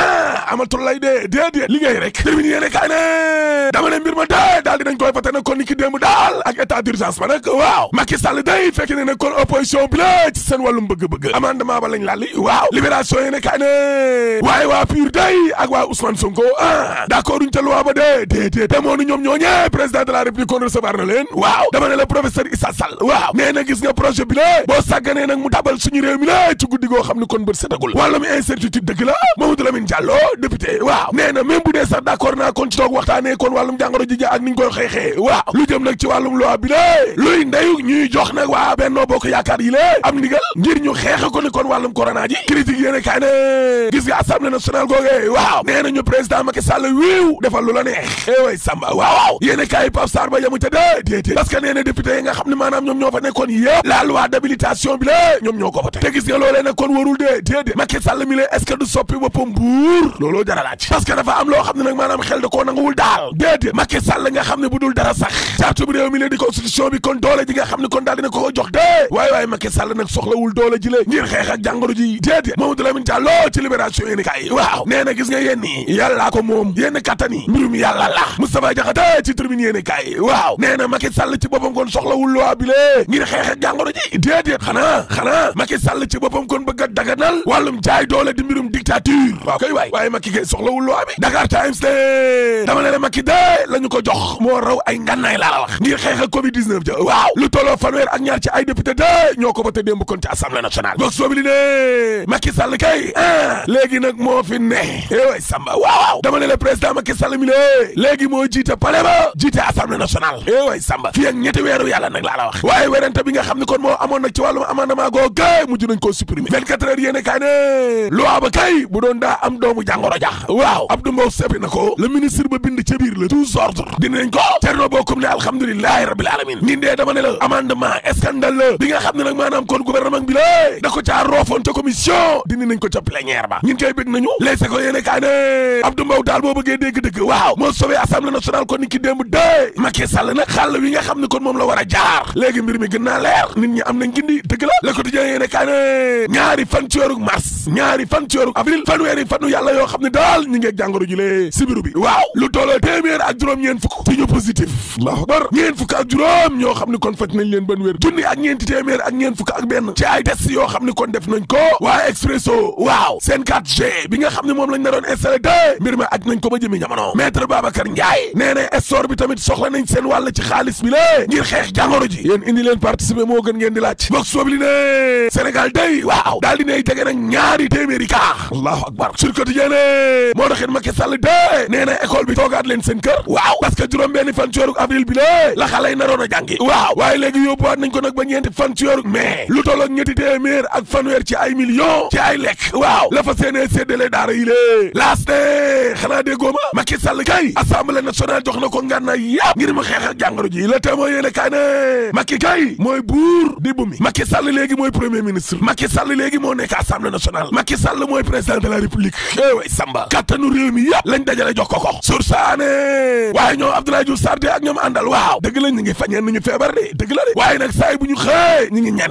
Ah, amatul lay dee déedéet liggéey rek terminé yéene kaay ne dama ne mbir ma dee daal dinañ koy fate nag kon ni ki démb daal ak état d'urgence ba nag waaw Macky Sall day fekk ne nag kon opposition bi la ci seen wàllum bëgg-bëgg amendement ba lañ laalli waaw libération yéene kaay ne waaye waa PUR day ak waa Ousmane Sonko ah d'accord duñ ca loi ba dee déedéet te moo ñoom ñooñee président de la république kon recevoir na leen waaw dama ne la professeur Issa Sall waaw mu tabal suñu réew mi la ci xam ne kon bët setagul wàllum incertitude dëgg la Diallo député waaw nee na même bu kon ci toog waxtaanee kon wàllum jàngoro ji ak ni ñu koy xeexee waaw lu jëm nag ci wàllum loi bi lée luy ndeyu ñuy jox nag ko ni kon wàllum corona ji critique yéene kaay ne gis nga assemblée nationale googee waaw nee lu la neex eh way Samba waaw yéene kaay Pape Sarr ba yamu ca dee parce que nee na député nga xam ne maanaam ñoom ñoo fa nekkoon yëpp la loi d'habilitation bi lée ñoom ñoo ko fa te gis nga dee déedéet Macky Sall mi lee est du soppi boppam bu wóor looloo jara laaj parce que am loo xam ne nag maanaam xel da koo nanguwul daal déedéet Macky Sall nga xam ne bu dul dara sax charte bi réew mi la di constitution bi kon doole ji nga xam ne kon daal dina ko ko jox dee waaye waaye Macky Sall nag soxlawul doole ji la ngir xeex ak jàngoro ji déedéet Mamadou Lamine Diallo ci libération yéeni la Moustapha xanaa xanaa Macky Sall ci boppam kon bëgg a daganal wàllum jaay doole di mbirum dictature koy waay waaye Macky Gueye soxlawul loi bi Dakar Times de dama ne la Macky de la ñu ko jox moo raw ay ngànnaay laa la wax ngir xeex Covid 19 ja waaw lu tolloo fanweer ak ñaar ci ay député de ñoo ko ba te démb kon ci assemblée nationale boog soobi li ne Macky kay ah léegi nag moo fi ne eeway eh Samba waaw dama ne la président Macky Sall mi le léegi moo jiite palais ba jiite assemblée nationale eeway eh Samba fii ak ñetti weeru yàlla nag laa la wax borom doomu jàngoro ja waaw Abdou Mbow seppi na ko le ministre ba bind ca biir la tous ordres dinañ ko Thierno Bocoum ne alhamdulilahi rabbil alamin dee dama la amendement scandale la bi nga xam ne nag maanaam kon gouvernement bi la da ko caa roofoon ca commission dindi nañ ko ca plénière ba ñun koy bég nañu léeg ko yéene kaa ne Abdou Mbow daal boo bëggee dégg-dëgg waaw moo sauvé assemblée nationale kon ni ki démb dee Macky Sall nag xàll wi nga xam ne kon a yalla yoo xam ne daal ñi ngeeg jàngoro ji lee sibiru bi waaw lu tolloo téeméer ak juróom ñeen fukk ci positif allahu akbar ñeen fukk ak juróom ñoo xam ne kon faj nañ leen ban wér junni ak ñeenti téeméer ak ñeen fukk ak benn ci ay test yoo xam ne kon def nañ ko waa Expresso waaw seen 4G bi nga xam ne moom lañ na doon installé te mbir ma aj nañ ko ba jëmi jamono maître Babacar Ndiaye nee na essor bi tamit soxla nañ seen wàll ci xaalis bi lée ngir xeex jàngoro ji yéen leen participer moo gën ngeen di laaj vox sobi li ne Sénégal day waaw na ñaari téeméeri kaax allahu Quotidien moo taxit Macky Sall de nee na bi toogaat leen seen kër waaw parce que juróom fan ci weeru bi la la xale yi naroon a jàngi waaw waaye léegi yóbbuwaat nañ ko nag ba ñeenti fan ci weeru mai lu tolloog ñetti téeméer ak fanweer ci ay millions ci ay lekk waaw la fa seenee séddale daara yi lée laas ne xanaa déggoo ma Macky kay assemblée nationale jox na ko ngànna yàpp ngir mu xeex ak ji la témoin yéene kay ne kay mooy buur di bu xéeway eh samba kattanu réew mi yëpp lañ dajale jox ko ko sur saane waaye ñoom Abdoulaye Diouf Sarr ak ñoom àndal waaw dëgg la ñu ngi fañeen nañu feebar de dëgg de waaye nag saay bu ñu xëy ñu ngi ñaan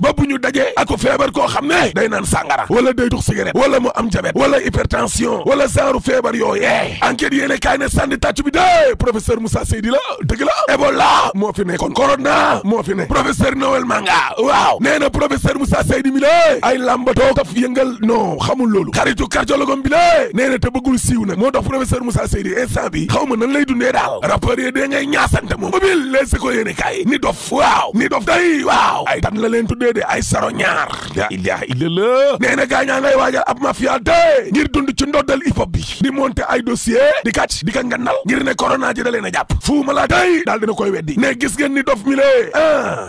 ba bu ñu dajee ako feebar koo xam ne day naan sàngara wala day tux cigarette wala mu am jabet wala hypertension wala genre feebar yooyee enquête yéene kaay ne sànni tàcc bi de professeur Moussa Seydi la dëgg la Ebola moo fi ne kon corona moo fi ne professeur Noël Manga la ay làmbatoo kaf yëngal non cardiologue bi lée nee na te bëggul siiw nag moo tax professeur Moussa Seydi instant bi xaw ma nan lay dundee daal rapport yi dee ngay ñaasante moom mobile les se ko yéene kaay ni dof waaw ni dof day waaw ay tan la leen tuddee de ay saro ñaar la ilaha illallah nee na gaañaa ngay waajal ab mafia de ngir dund ci ndoddal hip hop bi di monter ay dossier di kàcc di ka ngandal ngir ne corona ji da a jàpp fuu ma laa day daal koy weddi ne gis ngeen ni dof mi lée ah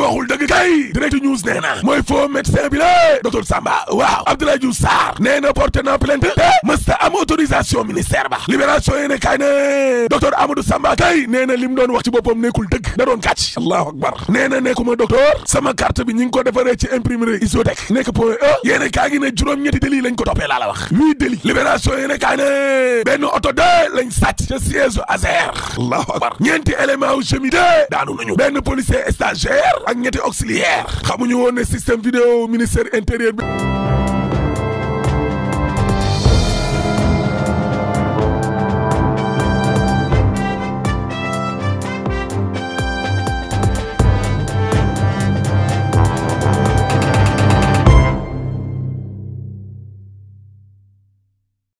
a waxul dëgg kay direct news nee mooy faux médecin bi la docteur Samba waaw Abdoulaye Diouf Sarr nee na porté na plainte te mësta am autorisation ministère ba libération yéene kay ne docteur Amadou Samba kay nee na li mu doon wax ci boppam nekkul dëgg da doon kàcc allahu akbar nee na nekkuma docteur sama carte bi ñi ngi ko defaree ci imprimerie Isotec nekk point e yéene kaa gi ne juróom-ñetti délit lañ ko toppee laa la wax huit délit libération yéene kay ne benn oto de lañ sàcc ca siège u Azer allahu akbar ñeenti élément u chemi de daanu nañu benn policier stagiaire ak ñetti auxiliaire xamuñu woon ne système vidéo ministère intérieur bi